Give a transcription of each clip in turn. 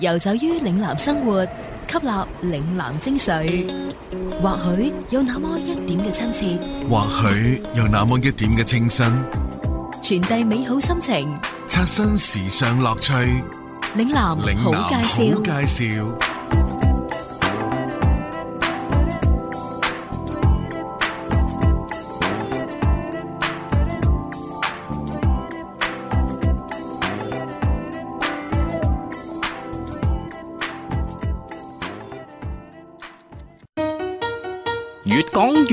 遊走於嶺南生活，吸納嶺南精髓，或許有那麼一點嘅親切，或許有那麼一點嘅清新，傳遞美好心情，刷新時尚樂趣。嶺南好介紹。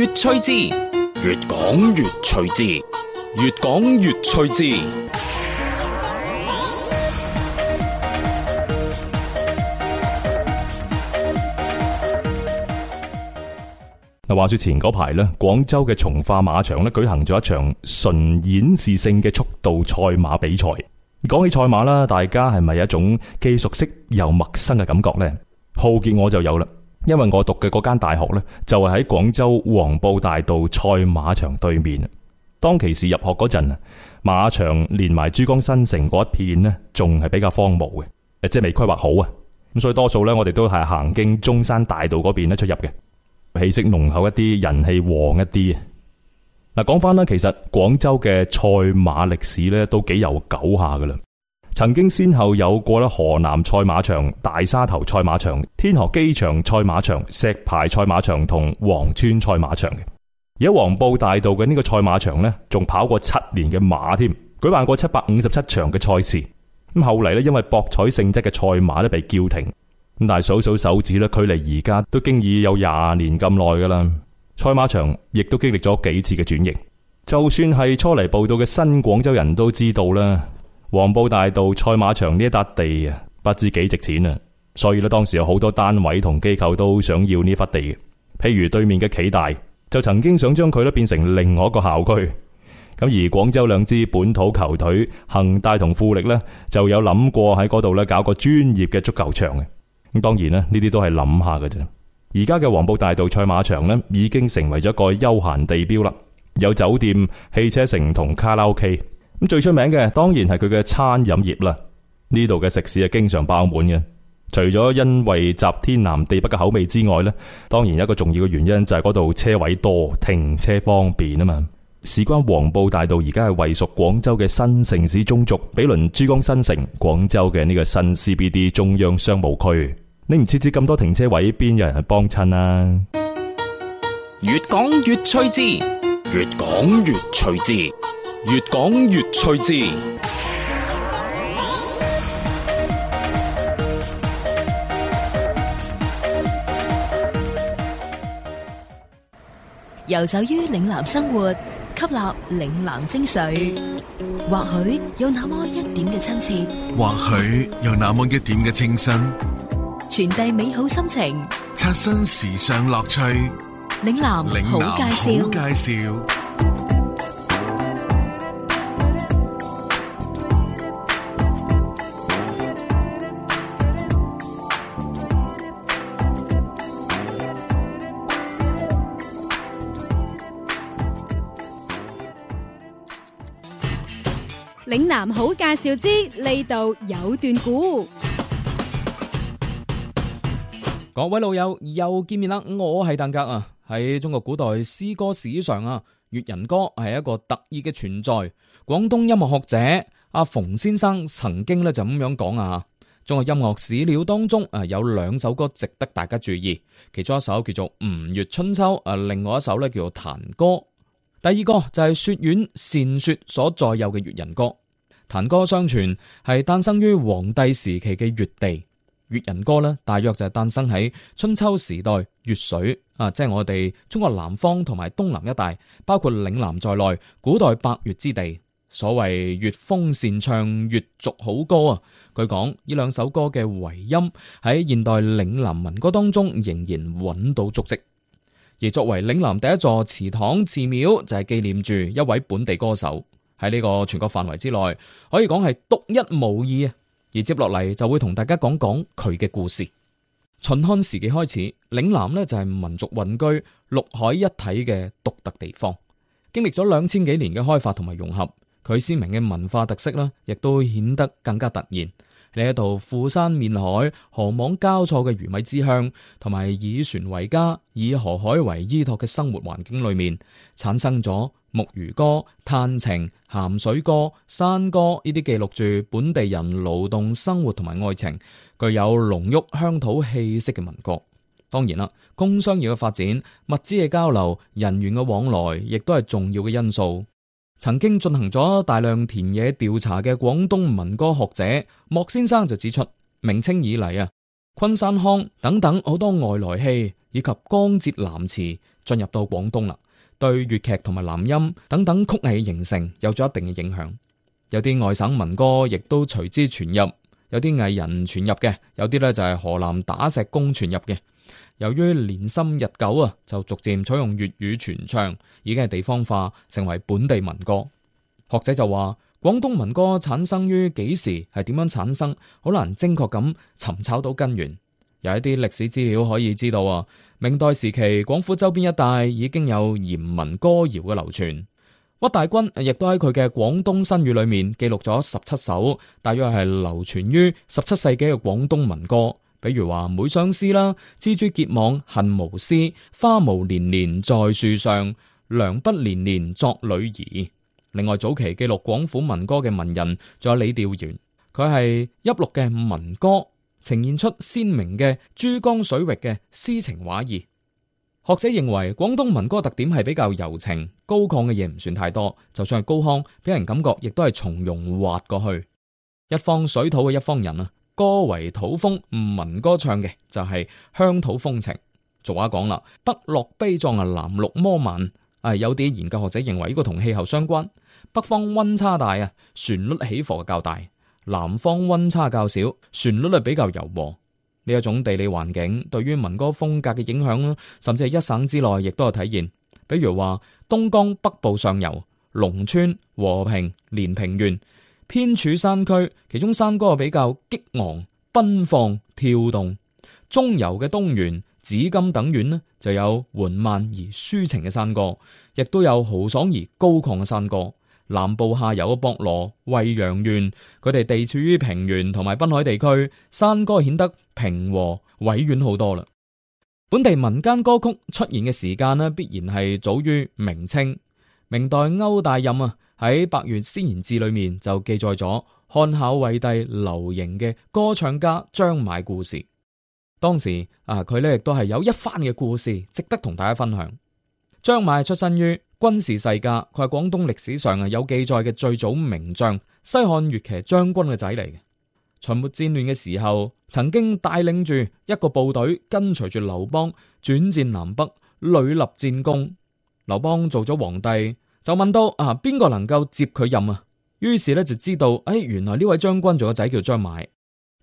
越趣字，越講越趣字，越講越趣字。嗱，話說前嗰排呢，廣州嘅從化馬場咧舉行咗一場純演示性嘅速度賽馬比賽。講起賽馬啦，大家係咪有一種既熟悉又陌生嘅感覺呢？浩杰我就有啦。因為我讀嘅嗰間大學呢，就係喺廣州黃埔大道賽馬場對面。當其時入學嗰陣啊，馬場連埋珠江新城嗰一片呢，仲係比較荒蕪嘅，即係未規劃好啊。咁所以多數呢，我哋都係行經中山大道嗰邊咧出入嘅，氣息濃厚一啲，人氣旺一啲。嗱，講翻呢，其實廣州嘅賽馬歷史呢，都幾悠久下噶啦。曾經先後有過咧河南賽馬場、大沙頭賽馬場、天河機場賽馬場、石牌賽馬場同黃村賽馬場嘅，而喺黃埔大道嘅呢個賽馬場呢，仲跑過七年嘅馬添，舉辦過七百五十七場嘅賽事。咁後嚟呢，因為博彩性質嘅賽馬咧被叫停。咁但係數數手指咧，距離而家都已經已經已有廿年咁耐噶啦。賽馬場亦都經歷咗幾次嘅轉型，就算係初嚟報道嘅新廣州人都知道啦。黃埔大道賽馬場呢一笪地啊，不知幾值錢啊！所以咧，當時有好多單位同機構都想要呢塊地，譬如對面嘅暨大就曾經想將佢咧變成另外一個校區。咁而廣州兩支本土球隊恒大同富力呢，就有諗過喺嗰度咧搞個專業嘅足球場嘅。咁當然啦，呢啲都係諗下嘅啫。而家嘅黃埔大道賽馬場呢，已經成為咗一個休閒地標啦，有酒店、汽車城同卡拉 OK。最出名嘅當然係佢嘅餐飲業啦，呢度嘅食肆係經常爆滿嘅。除咗因為集天南地北嘅口味之外呢，當然有一個重要嘅原因就係嗰度車位多，停車方便啊嘛。事關黃埔大道而家係隸屬廣州嘅新城市中軸，比鄰珠江新城、廣州嘅呢個新 CBD 中央商務區。你唔設置咁多停車位，邊有人去幫襯啊越越？越講越趣致，越講越趣致。越講越趣致，遊走於嶺南生活，吸納嶺南精髓，或許有那麼一點嘅親切，或許有那麼一點嘅清新，傳遞美好心情，刷新時尚樂趣。嶺南好介紹。嶺南好介紹之，呢度有段古。各位老友又見面啦，我係鄧格啊。喺中國古代詩歌史上啊，越人歌係一個特異嘅存在。廣東音樂學者阿馮先生曾經咧就咁樣講啊，中國音樂史料當中啊，有兩首歌值得大家注意，其中一首叫做《吳越春秋》，啊，另外一首咧叫做《彈歌》。第二個就係《說苑·善說》所載有嘅越人歌。彈歌相傳係誕生於黃帝時期嘅越地，越人歌呢，大約就係誕生喺春秋時代越水啊，即係我哋中國南方同埋東南一帶，包括嶺南在內，古代百越之地。所謂越風善唱，粵俗好歌啊！據講，呢兩首歌嘅遺音喺現代嶺南民歌當中仍然揾到足跡。而作為嶺南第一座祠堂、祠廟，就係、是、紀念住一位本地歌手。喺呢個全國範圍之內，可以講係獨一無二啊！而接落嚟就會同大家講講佢嘅故事。秦漢時期開始，嶺南咧就係民族混居、陸海一體嘅獨特地方。經歷咗兩千幾年嘅開發同埋融合，佢鮮明嘅文化特色呢，亦都顯得更加突然。喺呢一度富山面海、河網交錯嘅魚米之鄉，同埋以船為家、以河海為依託嘅生活環境裏面，產生咗。木魚歌、嘆情、鹹水歌、山歌呢啲記錄住本地人勞動生活同埋愛情，具有濃郁鄉土氣息嘅民歌。當然啦，工商業嘅發展、物資嘅交流、人員嘅往來，亦都係重要嘅因素。曾經進行咗大量田野調查嘅廣東民歌學者莫先生就指出，明清以嚟啊，昆山腔等等好多外來戲以及江浙南詞進入到廣東啦。對粵劇同埋南音等等曲藝形成有咗一定嘅影響，有啲外省民歌亦都隨之傳入，有啲藝人傳入嘅，有啲咧就係河南打石工傳入嘅。由於年深日久啊，就逐漸採用粵語傳唱，已經係地方化，成為本地民歌。學者就話，廣東民歌產生於幾時，係點樣產生，好難精確咁尋找到根源。有一啲歷史資料可以知道啊。明代時期，廣府周邊一帶已經有鹽民歌謠嘅流傳。屈大均亦都喺佢嘅《廣東新語》裏面記錄咗十七首，大約係流傳於十七世紀嘅廣東民歌，比如話《妹相思》啦、《蜘蛛結網恨無絲》、《花無年年在樹上》、《梁不年年作女兒》。另外，早期記錄廣府民歌嘅文人仲有李調元，佢係輯錄嘅民歌。呈現出鮮明嘅珠江水域嘅詩情畫意。學者認為廣東民歌特點係比較柔情，高亢嘅嘢唔算太多，就算係高腔，俾人感覺亦都係從容滑過去。一方水土嘅一方人啊，歌為土風，唔民歌唱嘅就係鄉土風情。俗話講啦，北落悲壯啊，南陸魔慢啊。有啲研究學者認為呢個同氣候相關，北方温差大啊，旋律起伏較大。南方溫差較少，旋律係比較柔和。呢一種地理環境對於民歌風格嘅影響啦，甚至係一省之內亦都有體現。比如話，東江北部上游農村和平連平縣偏處山區，其中山歌比較激昂奔放跳動；中游嘅東源、紫金等縣呢，就有緩慢而抒情嘅山歌，亦都有豪爽而高亢嘅山歌。南部下游嘅博羅、惠陽縣，佢哋地處於平原同埋濱海地區，山歌顯得平和委婉好多啦。本地民間歌曲出現嘅時間呢，必然係早於明清。明代歐大任啊，喺《百粵先賢志》裏面就記載咗漢孝惠帝流行嘅歌唱家張買故事。當時啊，佢咧亦都係有一番嘅故事值得同大家分享。張買出身於軍事世家，佢係廣東歷史上啊有記載嘅最早名將西漢越騎將軍嘅仔嚟嘅。秦末戰亂嘅時候，曾經帶領住一個部隊跟隨住劉邦轉戰南北，屢立戰功。劉邦做咗皇帝就問到啊，邊個能夠接佢任啊？於是咧就知道，哎，原來呢位將軍仲有仔叫張買。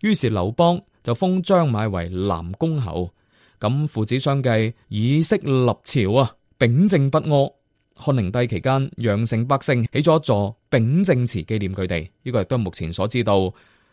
於是劉邦就封張買為南宮侯，咁父子相繼以色立朝啊。秉正不阿。漢靈帝期間，陽城百姓起咗一座秉政祠紀念佢哋，呢個亦都係目前所知道，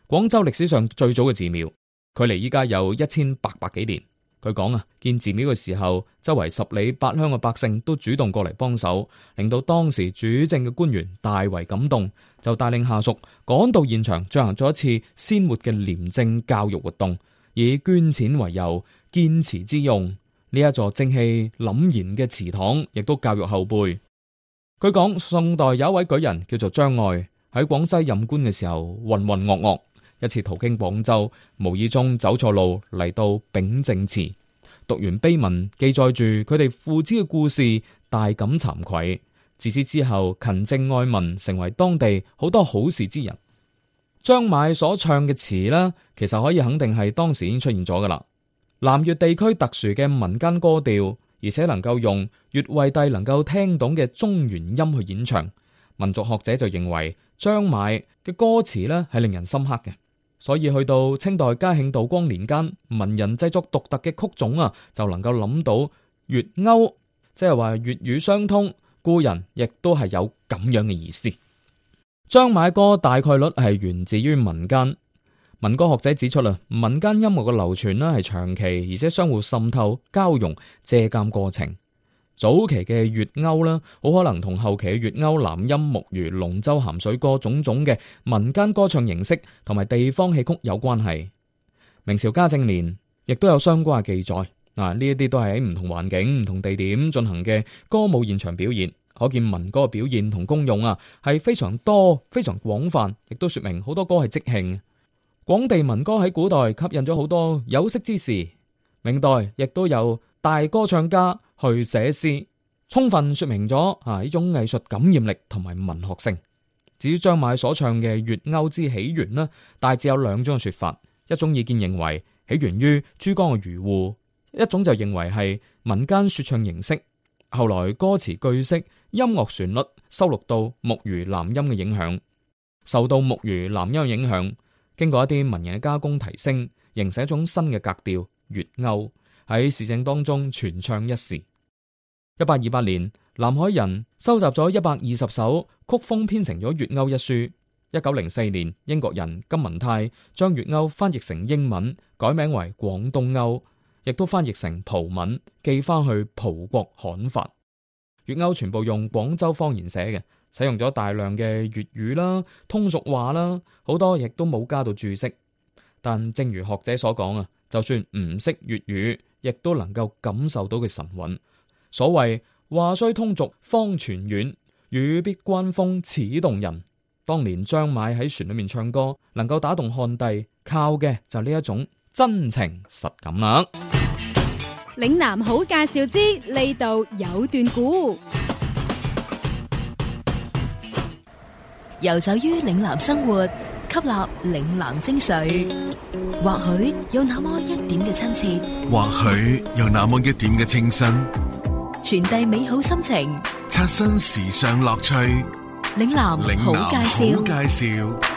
廣州歷史上最早嘅寺廟，距離依家有一千八百幾年。佢講啊，建寺廟嘅時候，周圍十里八鄉嘅百姓都主動過嚟幫手，令到當時主政嘅官員大為感動，就帶領下屬趕到現場進行咗一次鮮活嘅廉政教育活動，以捐錢為由，建祠之用。呢一座正氣凜然嘅祠堂，亦都教育後輩。據講宋代有一位舉人叫做張愛，喺廣西任官嘅時候渾渾噩噩。一次途經廣州，無意中走錯路嚟到秉正祠，讀完碑文記載住佢哋父子嘅故事，大感慚愧。自此之後，勤政愛民，成為當地好多好事之人。張買所唱嘅詞呢，其實可以肯定係當時已經出現咗噶啦。南越地區特殊嘅民間歌調，而且能夠用越惠帝能夠聽懂嘅中原音去演唱，民族學者就認為張買嘅歌詞呢係令人深刻嘅。所以去到清代嘉慶道光年間，文人製作獨特嘅曲種啊，就能夠諗到粵謳，即係話粵語相通，故人亦都係有咁樣嘅意思。張買歌大概率係源自於民間。民歌學者指出啦，民間音樂嘅流傳咧係長期而且相互滲透、交融、借鑒過程。早期嘅粵謳啦，好可能同後期嘅粵謳、南音、木魚、龍舟、咸水歌種種嘅民間歌唱形式同埋地方戲曲有關係。明朝嘉靖年亦都有相關嘅記載嗱，呢一啲都係喺唔同環境、唔同地點進行嘅歌舞現場表現，可見民歌嘅表現同功用啊，係非常多、非常廣泛，亦都說明好多歌係即興。廣地民歌喺古代吸引咗好多有識之士，明代亦都有大歌唱家去寫詩，充分說明咗啊呢種藝術感染力同埋文學性。至於張買所唱嘅粵謳之起源呢，大致有兩種嘅說法，一種意見認為起源於珠江嘅漁戶，一種就認為係民間說唱形式，後來歌詞句式、音樂旋律收錄到木魚南音嘅影響，受到木魚南音影響。經過一啲文人嘅加工提升，形成一種新嘅格調，粵謳喺市政當中傳唱一時。一八二八年，南海人收集咗一百二十首曲風，編成咗《粵謳》一書。一九零四年，英國人金文泰將粵謳翻譯成英文，改名為《廣東謳》，亦都翻譯成葡文寄翻去葡國刊發。粵謳全部用廣州方言寫嘅。使用咗大量嘅粵語啦、通俗話啦，好多亦都冇加到註釋。但正如學者所講啊，就算唔識粵語，亦都能夠感受到嘅神韻。所謂話雖通俗方傳遠，語必關風始動人。當年張買喺船裏面唱歌，能夠打動漢帝，靠嘅就呢一種真情實感啦。嶺南好介紹之，呢度有段古。.遊走於嶺南生活，吸納嶺南精髓，或許有那麼一點嘅親切，或許有那麼一點嘅清新，傳遞美好心情，刷新時尚樂趣。嶺南好介紹。嶺嶺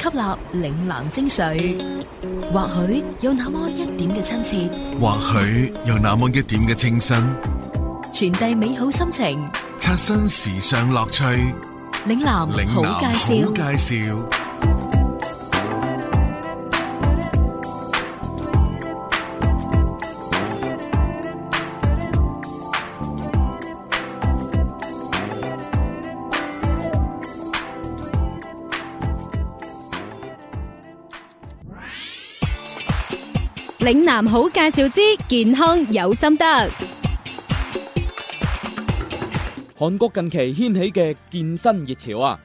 吸納嶺南精髓，或許有那麼一點嘅親切，或許有那麼一點嘅清新，傳遞美好心情，刷新時尚樂趣。嶺南，好介紹。嶺南好介紹之健康有心得。韓國近期掀起嘅健身熱潮啊，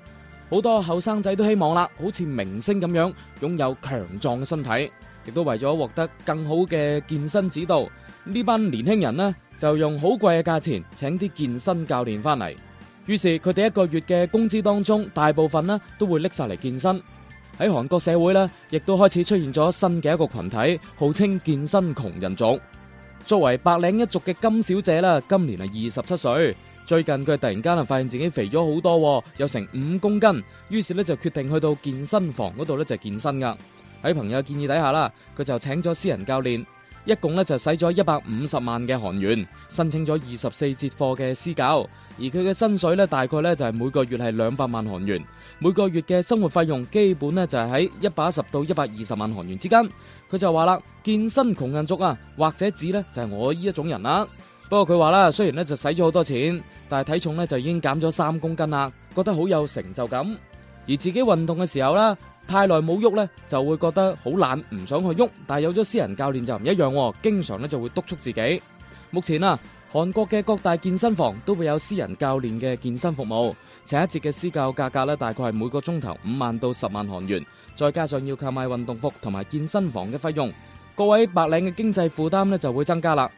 好多後生仔都希望啦，好似明星咁樣擁有強壯嘅身體，亦都為咗獲得更好嘅健身指導，呢班年輕人呢就用好貴嘅價錢請啲健身教練翻嚟，於是佢哋一個月嘅工資當中，大部分呢都會拎晒嚟健身。喺韓國社會咧，亦都開始出現咗新嘅一個群體，號稱健身窮人族。作為白領一族嘅金小姐啦，今年係二十七歲，最近佢突然間啊發現自己肥咗好多，有成五公斤，於是咧就決定去到健身房嗰度咧就健身噶。喺朋友建議底下啦，佢就請咗私人教練，一共咧就使咗一百五十萬嘅韓元，申請咗二十四節課嘅私教。而佢嘅薪水咧，大概咧就係、是、每個月係兩百萬韓元，每個月嘅生活費用基本咧就係喺一百一十到一百二十萬韓元之間。佢就話啦，健身窮人族啊，或者指咧就係、是、我呢一種人啦、啊。不過佢話啦，雖然咧就使咗好多錢，但係體重咧就已經減咗三公斤啦，覺得好有成就感。而自己運動嘅時候啦，太耐冇喐咧，就會覺得好懶，唔想去喐。但係有咗私人教練就唔一樣、啊，經常咧就會督促自己。目前啊。韓國嘅各大健身房都會有私人教練嘅健身服務，請一節嘅私教價格咧，大概係每個鐘頭五萬到十萬韓元，再加上要購買運動服同埋健身房嘅費用，各位白領嘅經濟負擔咧就會增加啦。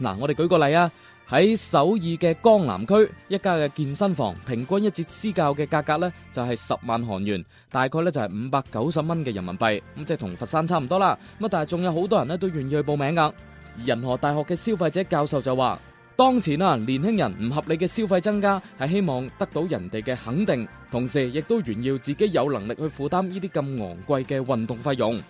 嗱，我哋舉個例啊，喺首爾嘅江南區一家嘅健身房，平均一節私教嘅價格咧就係十萬韓元，大概咧就係五百九十蚊嘅人民幣，咁即係同佛山差唔多啦。咁但係仲有好多人咧都願意去報名噶。仁和大學嘅消費者教授就話：當前啊，年輕人唔合理嘅消費增加，係希望得到人哋嘅肯定，同時亦都炫耀自己有能力去負擔呢啲咁昂貴嘅運動費用。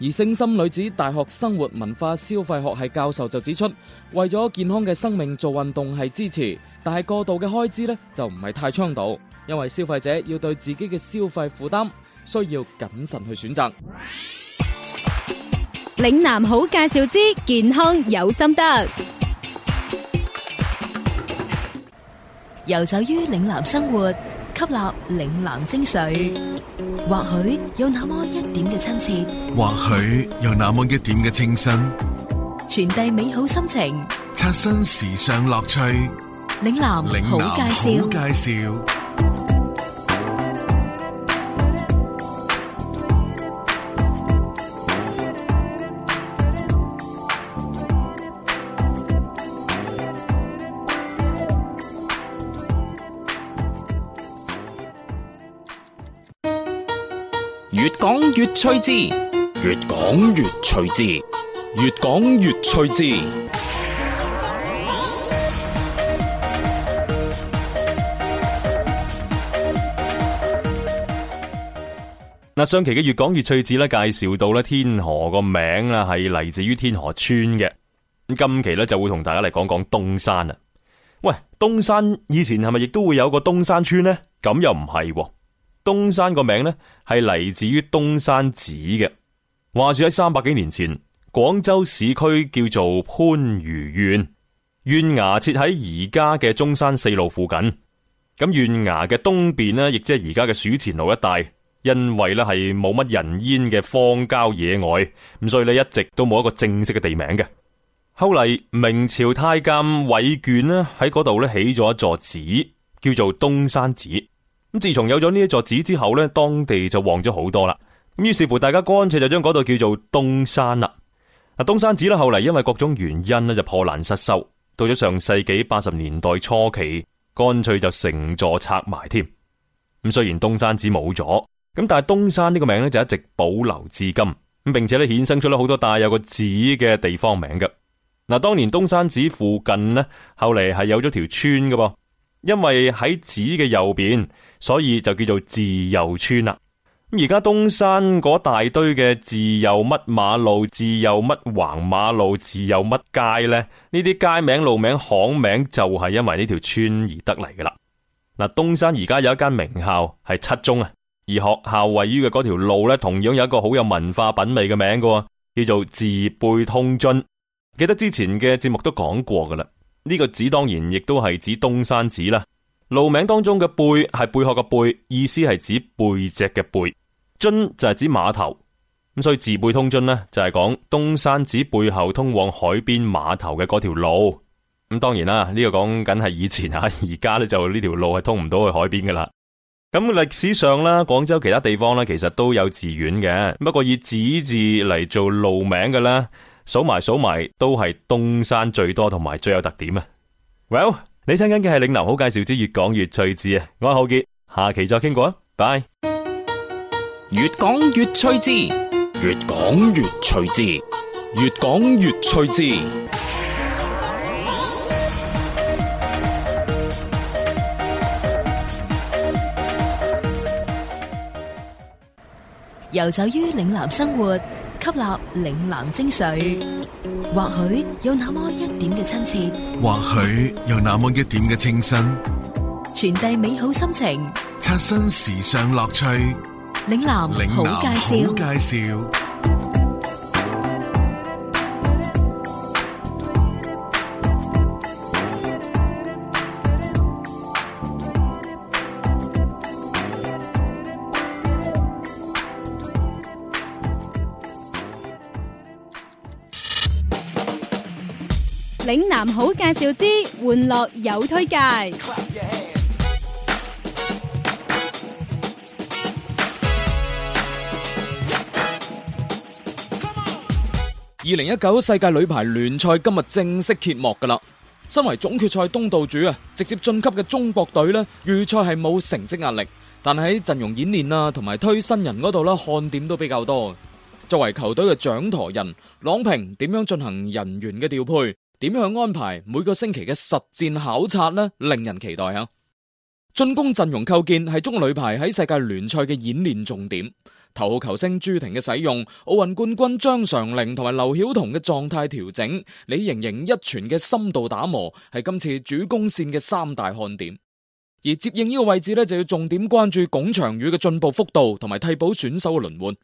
而聖心女子大學生活文化消費學系教授就指出，為咗健康嘅生命做運動係支持，但係過度嘅開支呢就唔係太倡導，因為消費者要對自己嘅消費負擔需要謹慎去選擇。嶺南好介紹之健康有心得，游走於嶺南生活，吸納嶺南精髓，或許有那麼一點嘅親切，或許有那麼一點嘅清新，傳遞美好心情，刷新時尚樂趣。嶺南好介紹。越趣字，越講越趣字，越講越趣字。嗱，上期嘅越講越趣字咧，介紹到咧天河個名啦，係嚟自於天河村嘅。咁今期咧就會同大家嚟講講東山啊。喂，東山以前係咪亦都會有個東山村咧？咁又唔係啊。東山個名呢係嚟自於東山寺嘅。話說喺三百幾年前，廣州市區叫做番禺縣，縣衙設喺而家嘅中山四路附近。咁縣衙嘅東邊呢，亦即係而家嘅署前路一帶，因為呢係冇乜人煙嘅荒郊野外，咁所以呢一直都冇一個正式嘅地名嘅。後嚟明朝太監韋眷呢喺嗰度呢起咗一座寺，叫做東山寺。咁自從有咗呢一座寺之後咧，當地就旺咗好多啦。咁於是乎，大家乾脆就將嗰度叫做東山啦。啊，東山寺咧，後嚟因為各種原因咧，就破爛失修。到咗上世紀八十年代初期，乾脆就成座拆埋添。咁雖然東山寺冇咗，咁但係東山呢個名咧就一直保留至今。咁並且咧衍生出咗好多帶有個寺嘅地方名嘅。嗱，當年東山寺附近咧，後嚟係有咗條村噶噃。因為喺寺嘅右邊，所以就叫做自由村啦。而家東山嗰大堆嘅自由乜馬路、自由乜橫馬路、自由乜街呢？呢啲街名、路名、巷名就係因為呢條村而得嚟噶啦。嗱，東山而家有一間名校係七中啊，而學校位於嘅嗰條路咧，同樣有一個好有文化品味嘅名噶，叫做寺貝通津。記得之前嘅節目都講過噶啦。呢個寺當然亦都係指東山寺啦，路名當中嘅貝係貝殼嘅貝，意思係指背脊嘅背，津就係指碼頭，咁所以寺貝通津呢，就係講東山寺背後通往海邊碼頭嘅嗰條路。咁當然啦，呢、這個講緊係以前吓，而家咧就呢條路係通唔到去海邊噶啦。咁歷史上啦，廣州其他地方呢，其實都有寺院嘅，不過以寺字字嚟做路名噶啦。數埋數埋，都係東山最多同埋最有特點啊！Well，你聽緊嘅係嶺南好介紹之越講越趣致啊！我係浩傑，下期再傾過啊！Bye。越講越趣致，越講越趣致，越講越趣致。游走於嶺南生活。吸納嶺南精髓，或許有那麼一點嘅親切，或許有那麼一點嘅清新，傳遞美好心情，刷新時尚樂趣。嶺南好介紹，好介紹。嶺南好介紹之，玩樂有推介! 2019世界女排聯賽今日正式揭幕噶啦。身為總決賽東道主啊，直接晉級嘅中國隊呢,預賽係冇成績壓力。但係喺陣容演練啊同埋推新人嗰度呢，看點都比較多。作為球隊嘅掌舵人,郎平點樣進行人員嘅調配？點樣安排每個星期嘅實戰考察呢？令人期待哈！進攻陣容構建係中國女排喺世界聯賽嘅演練重點，頭號球星朱婷嘅使用，奧運冠軍張常寧同埋劉曉彤嘅狀態調整，李盈瑩一傳嘅深度打磨係今次主攻線嘅三大看點。而接應呢個位置呢就要重點關注龔翔宇嘅進步幅度同埋替補選手嘅輪換。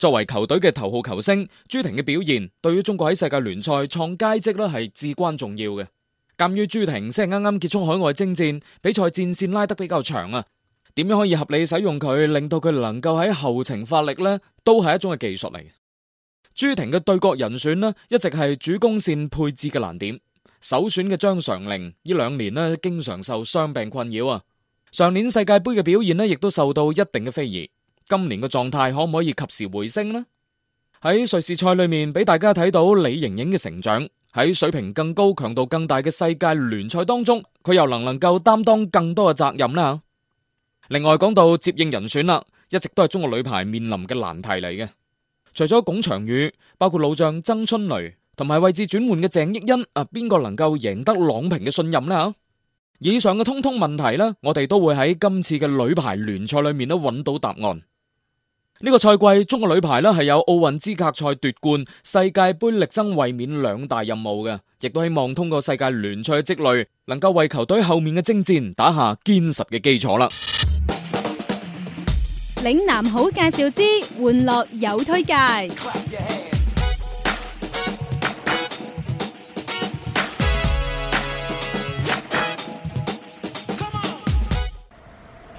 作為球隊嘅頭號球星，朱婷嘅表現對於中國喺世界聯賽創佳績呢係至關重要嘅。鑒於朱婷先係啱啱結束海外征戰，比賽戰線拉得比較長啊，點樣可以合理使用佢，令到佢能夠喺後程發力呢？都係一種嘅技術嚟嘅。朱婷嘅對角人選呢，一直係主攻線配置嘅難點。首選嘅張常寧呢兩年呢，經常受傷病困擾啊。上年世界杯嘅表現呢，亦都受到一定嘅非議。今年嘅狀態可唔可以及時回升呢？喺瑞士賽裏面俾大家睇到李盈瑩嘅成長，喺水平更高、強度更大嘅世界聯賽當中，佢又能唔能夠擔當更多嘅責任呢？另外講到接應人選啦，一直都係中國女排面臨嘅難題嚟嘅。除咗龔翔宇，包括老將曾春蕾同埋位置轉換嘅鄭益恩，啊，邊個能夠贏得郎平嘅信任呢？以上嘅通通問題呢，我哋都會喺今次嘅女排聯賽裏面都揾到答案。呢個賽季，中國女排咧係有奧運資格賽奪冠、世界杯力爭衛冕兩大任務嘅，亦都希望通過世界聯賽嘅積累，能夠為球隊後面嘅征戰打下堅實嘅基礎啦。嶺南好介紹之，玩樂有推介，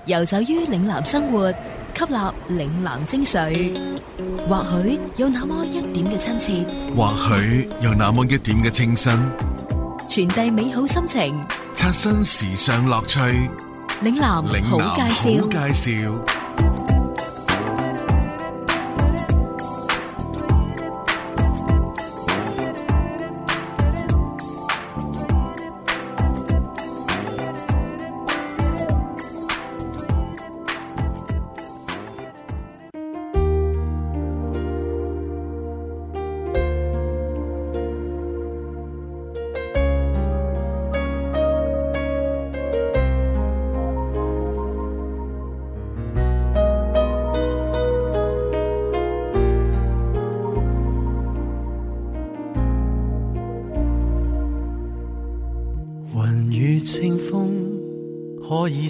游走於嶺南生活。吸納嶺南精髓，或許有那麼一點嘅親切，或許有那麼一點嘅清新，傳遞美好心情，刷新時尚樂趣。嶺南好介紹。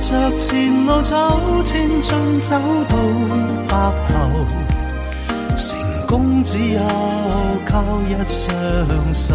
着前路走，青春走到白頭，成功只有靠一雙手。